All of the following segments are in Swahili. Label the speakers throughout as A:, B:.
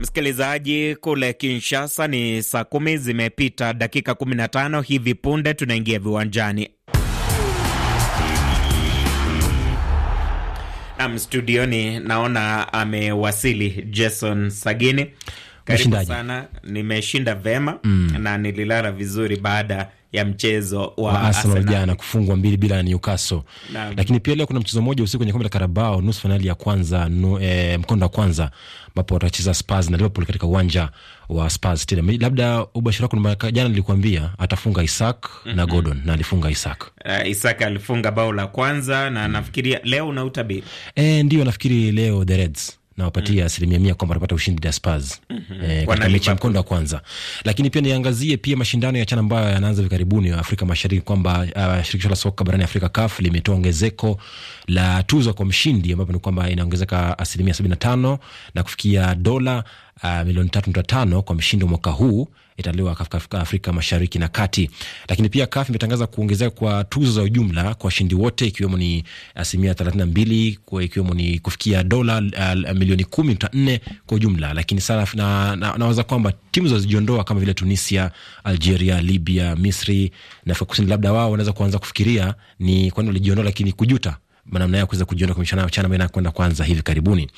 A: Msikilizaji, kule Kinshasa ni saa kumi zimepita dakika 15. Hivi punde tunaingia viwanjani nam studioni, naona amewasili Jason Sagini. Karibu sana. Nimeshinda vema mm. na nililala vizuri baada ya mchezo wa, Arsenal jana
B: kufungwa mbili bila Newcastle. Lakini pia leo kuna mchezo mmoja usiku kwenye kombe la Carabao nusu fainali ya kwanza nu, eh, mkondo wa kwanza ambapo watacheza Spurs na Liverpool katika uwanja wa Spurs Stadium. Labda ubashiri wako, jana nilikuambia atafunga Isak mm -hmm. na
A: mhm. Gordon na alifunga Isak. Uh, eh, Isak alifunga bao la kwanza na mm -hmm. leo una utabiri.
B: Eh, ndio nafikiri leo the Reds nawapatia mm. asilimia mia kwamba wanapata ushindi Daspas mm
A: -hmm. Eh, Jaspers katika mechi ya
B: mkondo wa kwanza. Lakini pia niangazie pia mashindano ya chana ambayo yanaanza hivi karibuni Afrika Mashariki kwamba uh, shirikisho la soka barani Afrika CAF limetoa ongezeko la tuzo kwa mshindi ambapo ni kwamba inaongezeka asilimia sabini na tano na kufikia dola Uh, milioni tatu nukta tano kwa mshindi wa mwaka huu italiwa Afrika Mashariki na Kati. Lakini pia KAF imetangaza kuongezeka kwa tuzo za ujumla kwa washindi wote ikiwemo ni asilimia thelathini na mbili ikiwemo ni kufikia dola uh, milioni kumi nukta nne kwa ujumla, lakini sana na, na, nawaza kwamba timu zazijiondoa kama vile Tunisia, Algeria, Libya, Misri na Afrika Kusini, labda wao wanaweza kuanza kufikiria ni kwani walijiondoa, lakini kujuta namna ya kuweza kujiona kwa michuano ya CHAN ambayo inakwenda kwanza hivi karibuni.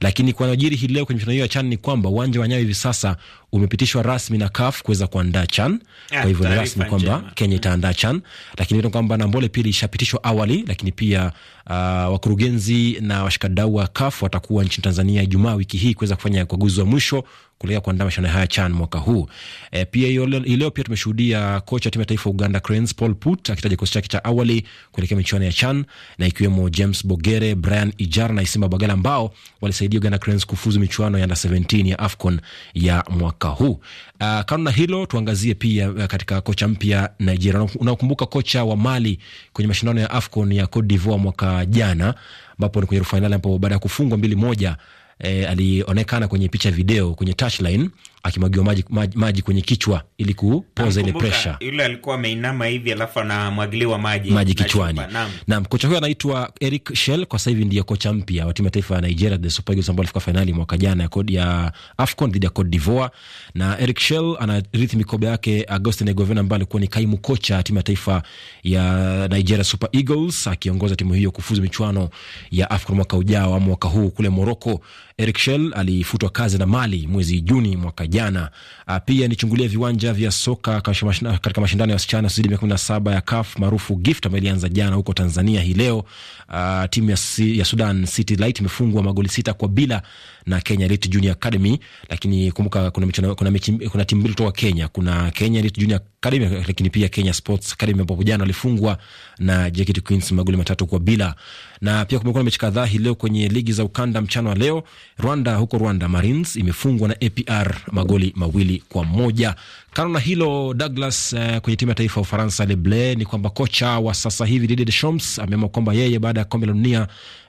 B: Lakini kwa najiri hii leo kwenye michuano hiyo ya CHAN ni kwamba uwanja wa Nyayo hivi sasa umepitishwa rasmi na CAF kuweza kuandaa CHAN. Ah, kwa hivyo ni rasmi kwamba Kenya mm. itaandaa CHAN, lakini ni kwamba Nambole pia ilishapitishwa awali, lakini pia uh, wakurugenzi na washikadau wa CAF watakuwa nchini Tanzania Ijumaa wiki hii kuweza kufanya ukaguzi wa mwisho kulea kuandaa mashindano haya CHAN mwaka huu. E, pia leo pia tumeshuhudia kocha timu ya taifa Uganda Cranes Paul Put akitaja kikosi chake cha awali kuelekea michuano ya CHAN na ikiwemo James Bogere, Brian Ijar na Isimba Bagala ambao walisaidia Uganda Cranes kufuzu michuano ya under 17 ya AFCON ya mwaka huu. Uh, kando na hilo tuangazie pia uh, katika kocha mpya Nigeria. Unakumbuka kocha wa Mali kwenye mashindano ya AFCON ya Cote d'Ivoire mwaka jana ambapo ni kwenye fainali ambapo baada ya kufungwa mbili moja eh, alionekana kwenye picha video kwenye touchline akimwagiwa maji, maji, maji kwenye kichwa ili kupoza ile presha.
A: Yule alikuwa ameinama hivi alafu anamwagiliwa maji maji kichwani. Naam, kocha huyo anaitwa
B: Eric Shell, kwa sasa hivi ndiye kocha mpya wa timu ya taifa ya Nigeria, the Super Eagles ambao walifika fainali mwaka jana ya kodi ya AFCON dhidi ya Cote d'Ivoire, na Eric Shell anarithi mikoba yake Augustine Egovena ambaye alikuwa ni kaimu kocha ya timu ya taifa ya Nigeria Super Eagles, akiongoza timu hiyo kufuzu michuano ya AFCON mwaka ujao ama mwaka huu kule Morocco. Eric Shell alifutwa kazi na Mali mwezi Juni mwaka jana. Ah, pia nichungulia viwanja vya soka katika mashindano ya wasichana zidi mia kumi na saba ya CAF maarufu Gift ambayo ilianza jana huko Tanzania. Hii leo uh, timu ya, si, ya Sudan City Light imefungwa magoli sita kwa bila na Kenya Elite Junior Academy, lakini kumbuka kuna, kuna, kuna, kuna timu mbili kutoka Kenya. Kuna Kenya Elite Junior Academy, lakini pia Kenya Sports Academy ambapo jana walifungwa na JKT Queens magoli matatu kwa bila. Na pia kumekuwa na mechi kadhaa hii leo kwenye ligi za ukanda mchana wa leo. Rwanda, huko Rwanda Marines imefungwa na APR magoli mawili kwa moja. Kando na hilo Douglas, eh, kwenye timu ya taifa ya Ufaransa Le Bleu, ni kwamba kocha wa sasa hivi Didier Deschamps ameamua kwamba yeye baada ya kombe la dunia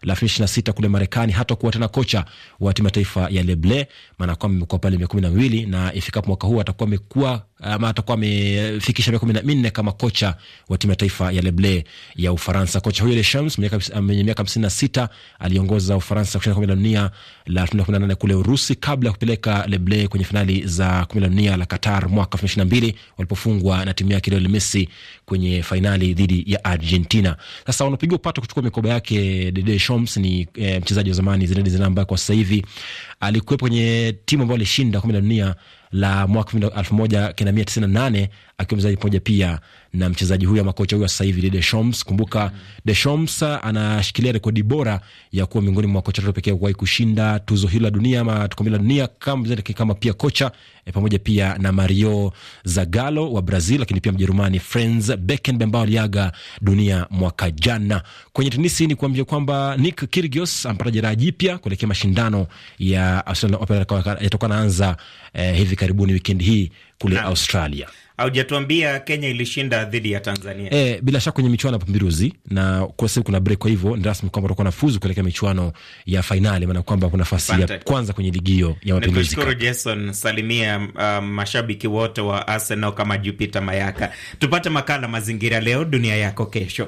B: la 2026 kule Marekani hatakuwa tena kocha wa timu ya taifa ya Le Bleu, maana kwamba imekuwa pale miaka kumi na miwili na ifikapo mwaka huu atakuwa amekuwa ama atakuwa amefikisha miaka kumi na minne kama kocha wa timu ya taifa ya Leble ya Ufaransa. Kocha huyo Leshams mwenye miaka hamsini na sita aliongoza Ufaransa kushinda kombe la dunia la elfu mbili kumi na nane kule Urusi kabla ya kupeleka Leble kwenye fainali za kombe la dunia la Qatar mwaka elfu mbili ishirini na mbili walipofungwa na timu yake Lionel Messi kwenye fainali dhidi ya Argentina. Sasa wanapiga upato kuchukua mikoba yake. Dede Shams ni eh, mchezaji wa zamani Zinedine Zidane ambaye kwa sasa hivi alikuwepo kwenye timu ambayo alishinda kombe la dunia la mwaka 1998 akiwa mchezaji pamoja pia na mchezaji huyu ama kocha huyu sasa hivi Deschamps. Kumbuka Deschamps uh, anashikilia rekodi bora ya kuwa miongoni mwa kocha tatu pekee kuwahi kushinda tuzo hilo la dunia ama kombe la dunia kama, kama pia kocha e, pamoja pia na Mario Zagallo wa Brazil, lakini pia Mjerumani Franz Beckenbauer ambao aliaga dunia mwaka jana. Kwenye tenisi ni kuambia kwamba Nick Kyrgios ampata jeraha jipya kuelekea mashindano ya Australian Open yatakuwa naanza eh, hivi karibuni wikendi hii kule Australia.
A: Haujatuambia Kenya ilishinda dhidi ya Tanzania. E,
B: bila shaka kwenye michuano ya Mapinduzi na kwa sababu kuna break, kwa hivyo ni rasmi kwamba utakuwa nafuzu kuelekea michuano ya fainali, maana kwamba kuna nafasi ya kwanza kwenye ligi hiyo ya Mapinduzi.
A: Nikushukuru Jason, salimia uh, mashabiki wote wa Arsenal kama Jupiter Mayaka. Tupate makala mazingira leo dunia yako kesho.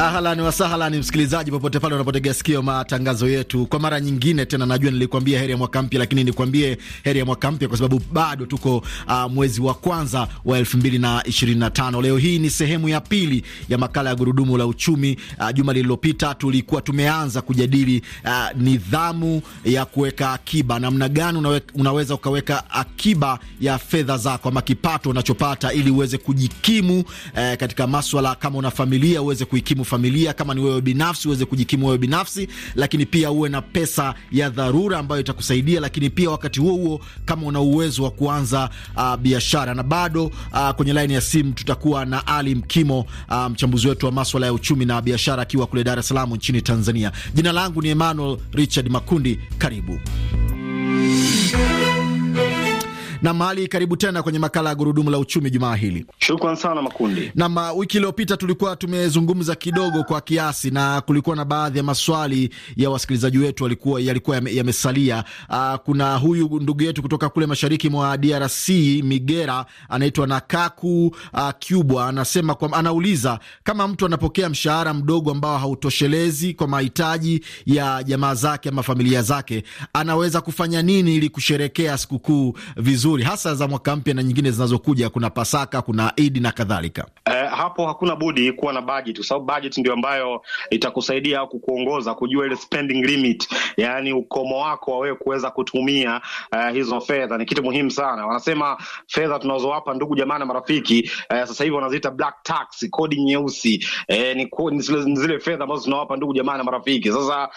C: Ahlan wasahlan, msikilizaji popote pale unapotegea sikio matangazo yetu kwa mara nyingine tena. Najua nilikwambia heri ya mwaka mpya, lakini nikwambie heri ya mwaka mpya kwa sababu bado tuko uh, mwezi wa kwanza wa 2025. Leo hii ni sehemu ya pili ya makala ya gurudumu la uchumi. Uh, juma lililopita tulikuwa tumeanza kujadili uh, nidhamu ya kuweka akiba, namna gani unawe, unaweza ukaweka akiba ya fedha zako ama kipato unachopata ili uweze kujikimu uh, katika maswala kama una familia uweze kuikimu familia, kama ni wewe binafsi uweze kujikimu wewe binafsi, lakini pia uwe na pesa ya dharura ambayo itakusaidia, lakini pia wakati huo huo kama una uwezo wa kuanza uh, biashara. Na bado uh, kwenye laini ya simu tutakuwa na Ali Mkimo, uh, mchambuzi wetu wa maswala ya uchumi na biashara akiwa kule Dar es Salaam nchini Tanzania. Jina langu ni Emmanuel Richard Makundi, karibu na mali Karibu tena kwenye makala ya gurudumu la uchumi jumaa hili.
D: Shukran sana Makundi.
C: Nam, uh, wiki iliyopita tulikuwa tumezungumza kidogo kwa kiasi, na kulikuwa na baadhi ya maswali ya wasikilizaji wetu walikuwa yalikuwa yamesalia. Aa, uh, kuna huyu ndugu yetu kutoka kule mashariki mwa DRC Migera, anaitwa Nakaku aa, uh, Kubwa, anasema kwa, anauliza kama mtu anapokea mshahara mdogo ambao hautoshelezi kwa mahitaji ya jamaa zake ama familia zake, anaweza kufanya nini ili kusherekea sikukuu vizuri nzuri hasa za mwaka mpya na nyingine zinazokuja. Kuna Pasaka, kuna Idi na kadhalika.
D: Eh, hapo hakuna budi kuwa na budget, kwa sababu budget ndio ambayo itakusaidia au kukuongoza kujua ile spending limit, yani ukomo wako wewe kuweza kutumia uh, hizo fedha. Ni kitu muhimu sana. Wanasema fedha tunazowapa ndugu jamaa na marafiki uh, sasa hivi wanaziita black tax, kodi nyeusi. Uh, ni, ko, ni zile fedha ambazo tunawapa ndugu jamaa na marafiki. Sasa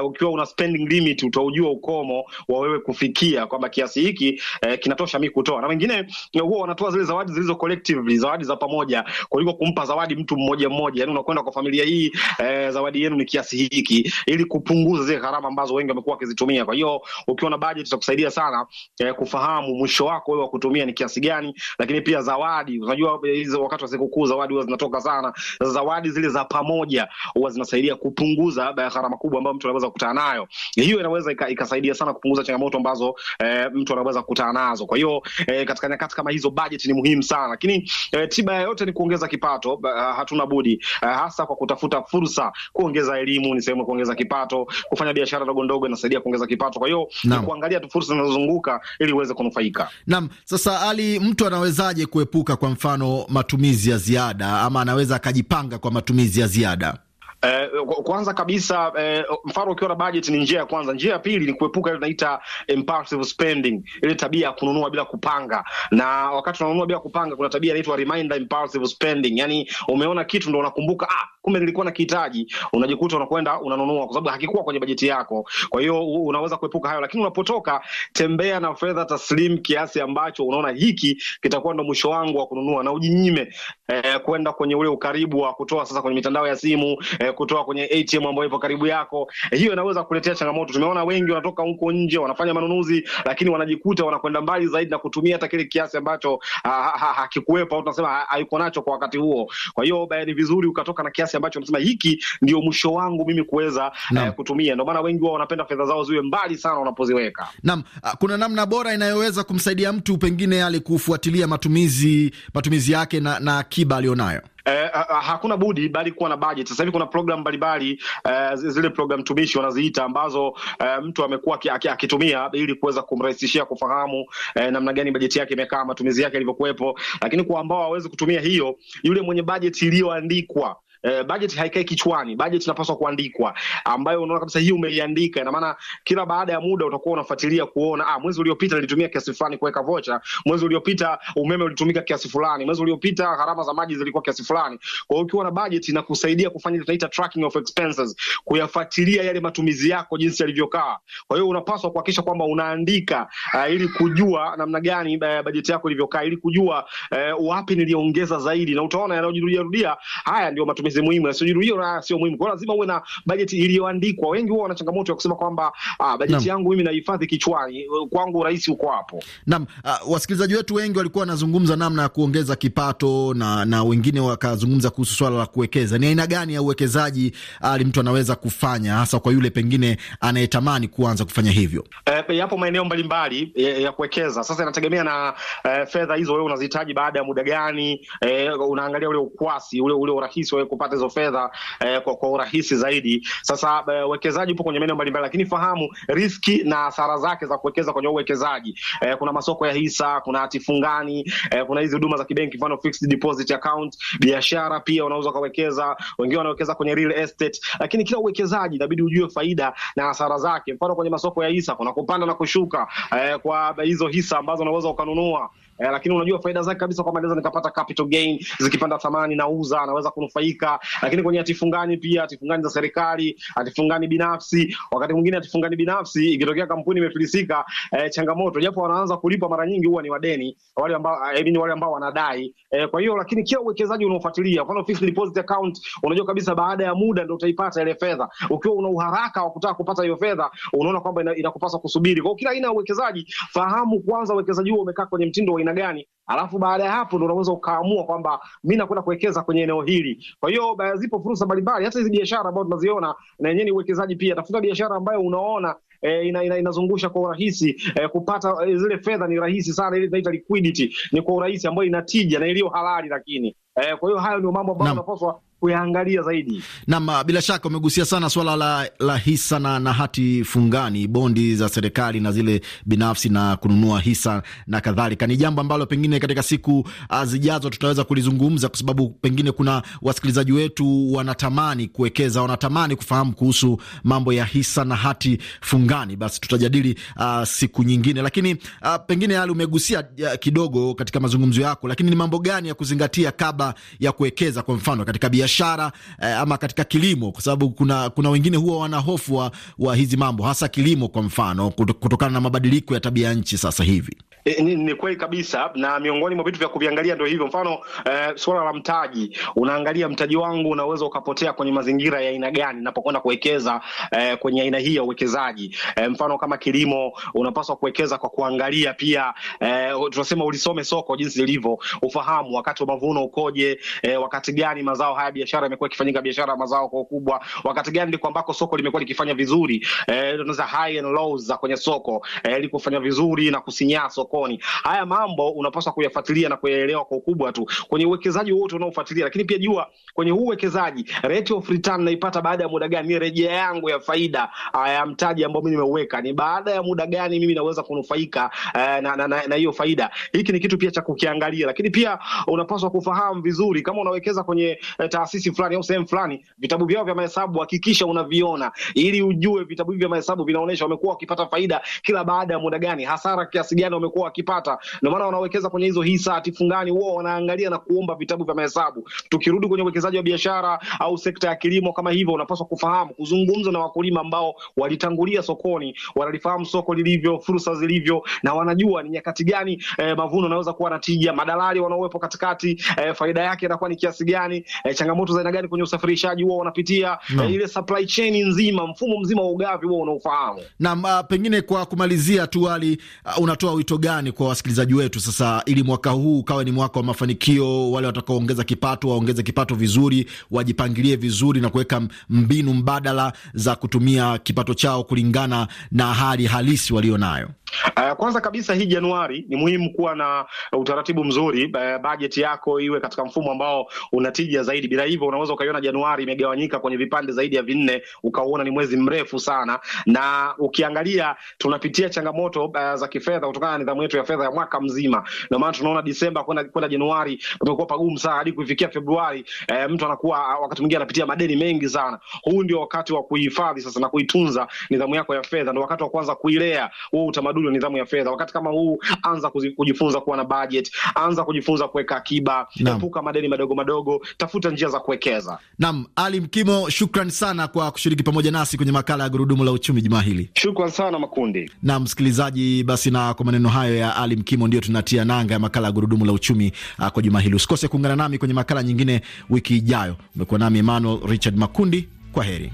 D: uh, ukiwa una spending limit utaujua ukomo wa wewe kufikia kwamba kiasi hiki uh, kinatosha mimi kutoa, na wengine huwa wanatoa zile zawadi zilizo collectively, zawadi za pamoja kwa kuliko kumpa zawadi mtu mmoja mmoja, yani unakwenda kwa familia hii eh, zawadi yenu ni kiasi hiki, ili kupunguza zile gharama ambazo wengi wamekuwa wakizitumia. Kwa hiyo ukiwa na budget itakusaidia sana eh, kufahamu mwisho wako wewe wa kutumia ni kiasi gani, lakini pia zawadi, unajua eh, hizo wakati wa sikukuu zawadi huwa zinatoka sana. Sasa Zawadi zile za pamoja huwa zinasaidia kupunguza labda eh, gharama kubwa ambayo mtu anaweza kukutana nayo. Hiyo inaweza ikasaidia sana kupunguza changamoto ambazo eh, mtu anaweza kukutana nazo. Kwa hiyo eh, katika nyakati kama hizo budget ni muhimu sana, lakini eh, tiba yote ni kuongeza kipato uh, hatuna budi uh, hasa kwa kutafuta fursa. Kuongeza elimu ni sehemu ya kuongeza kipato, kufanya biashara ndogo ndogo inasaidia kuongeza kipato. Kwa hiyo ni kuangalia tu fursa zinazozunguka ili uweze kunufaika.
C: Naam, sasa Ali, mtu anawezaje kuepuka kwa mfano matumizi ya ziada, ama anaweza akajipanga kwa matumizi ya ziada?
D: Eh, kwanza kabisa eh, mfano ukiwa na budget ni njia ya kwanza. Njia ya pili ni kuepuka ile tunaita impulsive spending, ile tabia ya kununua bila kupanga. Na wakati unanunua bila kupanga, kuna tabia inaitwa reminder impulsive spending, yani umeona kitu ndo unakumbuka, ah, kumbe nilikuwa na kihitaji, unajikuta unakwenda unanunua kwa sababu hakikuwa kwenye bajeti yako. Kwa hiyo unaweza kuepuka hayo, lakini unapotoka, tembea na fedha taslim kiasi ambacho unaona hiki kitakuwa ndo mwisho wangu wa kununua, na ujinyime eh, kwenda kwenye ule ukaribu wa kutoa sasa kwenye mitandao ya simu eh, kutoa kwenye ATM ambayo ipo karibu yako, eh, hiyo inaweza kuletea changamoto. Tumeona wengi wanatoka huko nje wanafanya manunuzi, lakini wanajikuta wanakwenda mbali zaidi na kutumia hata kile kiasi ambacho ah, hakikuwepo au tunasema haiko nacho kwa wakati huo. Kwa hiyo ni vizuri ukatoka na kiasi ambacho unasema hiki ndio mwisho wangu mimi kuweza eh, kutumia. Ndio maana wengi wao wanapenda fedha zao ziwe mbali sana wanapoziweka.
C: Naam, ah, kuna namna bora inayoweza kumsaidia mtu pengine kufuatilia matumizi matumizi yake na, na akiba aliyonayo?
D: Eh, hakuna budi bali kuwa na budget. Sasa hivi kuna program mbalimbali eh, zile program tumishi wanaziita ambazo eh, mtu amekuwa akitumia ili kuweza kumrahisishia kufahamu eh, namna gani bajeti yake imekaa, matumizi yake yalivyokuwepo. Lakini kwa ambao hawezi kutumia hiyo, yule mwenye bajeti iliyoandikwa eh, budget haikai kichwani, bajeti inapaswa kuandikwa, ambayo unaona kabisa hii umeiandika. Ina maana kila baada ya muda utakuwa unafuatilia kuona, ah, mwezi uliopita nilitumia kiasi fulani kuweka vocha, mwezi uliopita umeme ulitumika kiasi fulani, mwezi uliopita gharama za maji zilikuwa kiasi fulani. Kwa hiyo ukiwa na budget inakusaidia kufanya tunaita tracking of expenses, kuyafuatilia yale matumizi yako jinsi yalivyokaa. Kwa hiyo unapaswa kuhakikisha kwamba unaandika uh, ili kujua namna gani uh, eh, bajeti yako ilivyokaa, ili kujua uh, wapi niliongeza zaidi, na utaona yanayojirudia rudia haya ndio matumizi matumizi muhimu hiyo na sio muhimu. Kwa hiyo lazima uwe na bajeti iliyoandikwa. Wengi huwa wana changamoto ya kusema kwamba ah, bajeti yangu mimi nahifadhi kichwani kwangu, urahisi uko hapo.
C: Naam, uh, wasikilizaji wetu wengi walikuwa wanazungumza namna ya kuongeza kipato na, na wengine wakazungumza kuhusu swala la kuwekeza. Ni aina gani ya uwekezaji ali ah, mtu anaweza kufanya hasa kwa yule pengine anayetamani kuanza kufanya hivyo?
D: E, yapo maeneo mbalimbali ya, eh, ya kuwekeza. Sasa inategemea na e, fedha hizo wewe unazihitaji baada ya muda gani? E, unaangalia ule ukwasi ule, ule urahisi wa kupata hizo fedha eh, kwa, kwa urahisi zaidi. Sasa eh, uwekezaji eh, upo kwenye maeneo mbalimbali, lakini fahamu riski na hasara zake za kuwekeza kwenye uwekezaji eh, kuna masoko ya hisa, kuna hati fungani eh, kuna hizi huduma za kibenki, mfano fixed deposit account, biashara pia unaweza ukawekeza, wengine wanawekeza kwenye real estate, lakini kila uwekezaji inabidi ujue faida na hasara zake. Mfano kwenye masoko ya hisa kuna kupanda na kushuka eh, kwa hizo hisa ambazo unaweza ukanunua eh, lakini unajua faida zake kabisa kwamba naweza nikapata capital gain, zikipanda thamani nauza, naweza kunufaika. Lakini kwenye hatifungani pia, hatifungani za serikali, hatifungani binafsi, wakati mwingine hatifungani binafsi ikitokea kampuni imefilisika, eh, changamoto japo wanaanza kulipa mara nyingi huwa ni wadeni wale ambao eh, ni wale ambao wanadai eh, kwa hiyo lakini kila uwekezaji unaofuatilia, kwa fixed deposit account, unajua kabisa baada ya muda ndio utaipata ile fedha. Ukiwa una uharaka wa kutaka kupata hiyo fedha, unaona kwamba inakupasa kusubiri. Kwa hiyo kila aina ya uwekezaji, fahamu kwanza uwekezaji huo umekaa kwenye mtindo wa namna gani, alafu baada ya hapo ndo unaweza ukaamua kwamba mi nakwenda kuwekeza kwenye eneo hili. Kwa hiyo zipo fursa mbalimbali, hata hizi biashara ambazo tunaziona na yenyewe ni uwekezaji pia. Tafuta biashara ambayo unaona E, ina, ina, inazungusha kwa urahisi e, kupata e, zile fedha ni rahisi sana, ile inaita liquidity ni kwa urahisi ambayo inatija na iliyo halali lakini e, kwa hiyo hayo ndio mambo ambayo unapaswa kuyaangalia zaidi.
C: Naam, ah, bila shaka umegusia sana swala la, la hisa na, na hati fungani, bondi za serikali na zile binafsi na kununua hisa na kadhalika, ni jambo ambalo pengine katika siku ah, zijazo tutaweza kulizungumza, kwa sababu pengine kuna wasikilizaji wetu wanatamani kuwekeza, wanatamani kufahamu kuhusu mambo ya hisa na hati fungani. Basi tutajadili uh, siku nyingine, lakini uh, pengine hali umegusia uh, kidogo katika mazungumzo yako, lakini ni mambo gani ya kuzingatia kabla ya kuwekeza, kwa mfano katika biashara biashara eh, ama katika kilimo, kwa sababu kuna, kuna wengine huwa wana hofu wa, wa hizi mambo hasa kilimo kwa mfano kutokana na mabadiliko ya tabia nchi sasa hivi.
D: E, ni, ni kweli kabisa, na miongoni mwa vitu vya kuviangalia ndio hivyo. Mfano eh, suala la mtaji, unaangalia mtaji wangu unaweza ukapotea kwenye mazingira ya aina gani napokwenda kuwekeza eh, kwenye aina hii ya uwekezaji eh, mfano kama kilimo unapaswa kuwekeza kwa kuangalia pia eh, tunasema ulisome soko jinsi lilivyo, ufahamu wakati wa mavuno ukoje, eh, wakati gani mazao haya biashara imekuwa ikifanyika biashara mazao kwa ukubwa, wakati gani ndiko ambako soko limekuwa likifanya vizuri eh, za high and lows za kwenye soko eh, likufanya vizuri na kusinyaa sokoni. Haya mambo unapaswa kuyafuatilia na kuyaelewa kwa ukubwa tu kwenye uwekezaji wote unaofuatilia, lakini pia jua kwenye huu uwekezaji rate of return naipata baada ya muda gani? Ni rejea yangu ya faida ah, ya mtaji ambao mimi nimeuweka, ni baada ya muda gani mimi naweza kunufaika eh, na, na, na, na hiyo faida. Hiki ni kitu pia cha kukiangalia, lakini pia unapaswa kufahamu vizuri kama unawekeza kwenye eh, taasisi fulani au sehemu fulani, vitabu vyao vya mahesabu hakikisha unaviona ili ujue vitabu hivi vya mahesabu vinaonyesha wamekuwa wakipata faida kila baada ya muda gani, hasara kiasi gani wamekuwa wakipata. Ndio maana wanawekeza kwenye hizo hisa hatifungani, wao wanaangalia na kuomba vitabu vya mahesabu. Tukirudi kwenye uwekezaji wa biashara au sekta ya kilimo kama hivyo, unapaswa kufahamu, kuzungumza na wakulima ambao walitangulia sokoni, wanalifahamu soko lilivyo, fursa zilivyo, na wanajua ni nyakati gani eh, mavuno yanaweza kuwa na tija. Madalali wanaowepo katikati, eh, faida yake inakuwa ni kiasi gani, eh, changamoto changamoto za aina gani kwenye usafirishaji huo wanapitia no. Eh, ile supply chain nzima, mfumo mzima wa ugavi huo unaofahamu. Na uh, ah, pengine kwa kumalizia tu hali uh, ah,
C: unatoa wito gani kwa wasikilizaji wetu sasa, ili mwaka huu ukawe ni mwaka wa mafanikio, wale watakaoongeza kipato waongeze kipato vizuri, wajipangilie vizuri na kuweka mbinu mbadala za kutumia kipato chao kulingana na hali halisi walionayo.
D: Uh, kwanza kabisa hii Januari ni muhimu kuwa na utaratibu mzuri, uh, eh, bajeti yako iwe katika mfumo ambao unatija zaidi. Bila hivyo unaweza ukaiona Januari imegawanyika kwenye vipande zaidi ya vinne, ukauona ni mwezi mrefu sana. Na ukiangalia tunapitia changamoto uh, za kifedha kutokana na nidhamu yetu ya fedha ya mwaka mzima. Ndio maana tunaona Disemba kwenda kwenda Januari kumekuwa pagumu sana, hadi kufikia Februari uh, mtu anakuwa ah, wakati mwingine anapitia madeni mengi sana. Huu ndio wakati wa kuhifadhi sasa na kuitunza nidhamu yako ya fedha, ndio wakati wa kwanza kuilea huo utamaduni hilo nidhamu ya fedha. Wakati kama huu, anza kujifunza kuwa na budget, anza kujifunza kuweka akiba, epuka madeni madogo madogo, tafuta njia za kuwekeza.
C: Naam, Ali Mkimo, shukran sana kwa kushiriki pamoja nasi kwenye makala ya gurudumu la uchumi jumaa hili.
D: Shukran sana Makundi.
C: Naam, msikilizaji, basi na kwa maneno hayo ya Ali Mkimo ndio tunatia nanga ya makala ya gurudumu la uchumi ah, kwa jumaa hili. Usikose kuungana nami kwenye makala nyingine wiki ijayo. Umekuwa nami Emmanuel Richard Makundi, kwa heri.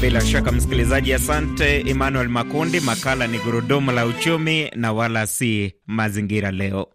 A: Bila shaka msikilizaji, asante Emmanuel Makundi. Makala ni gurudumu la uchumi na wala si mazingira leo.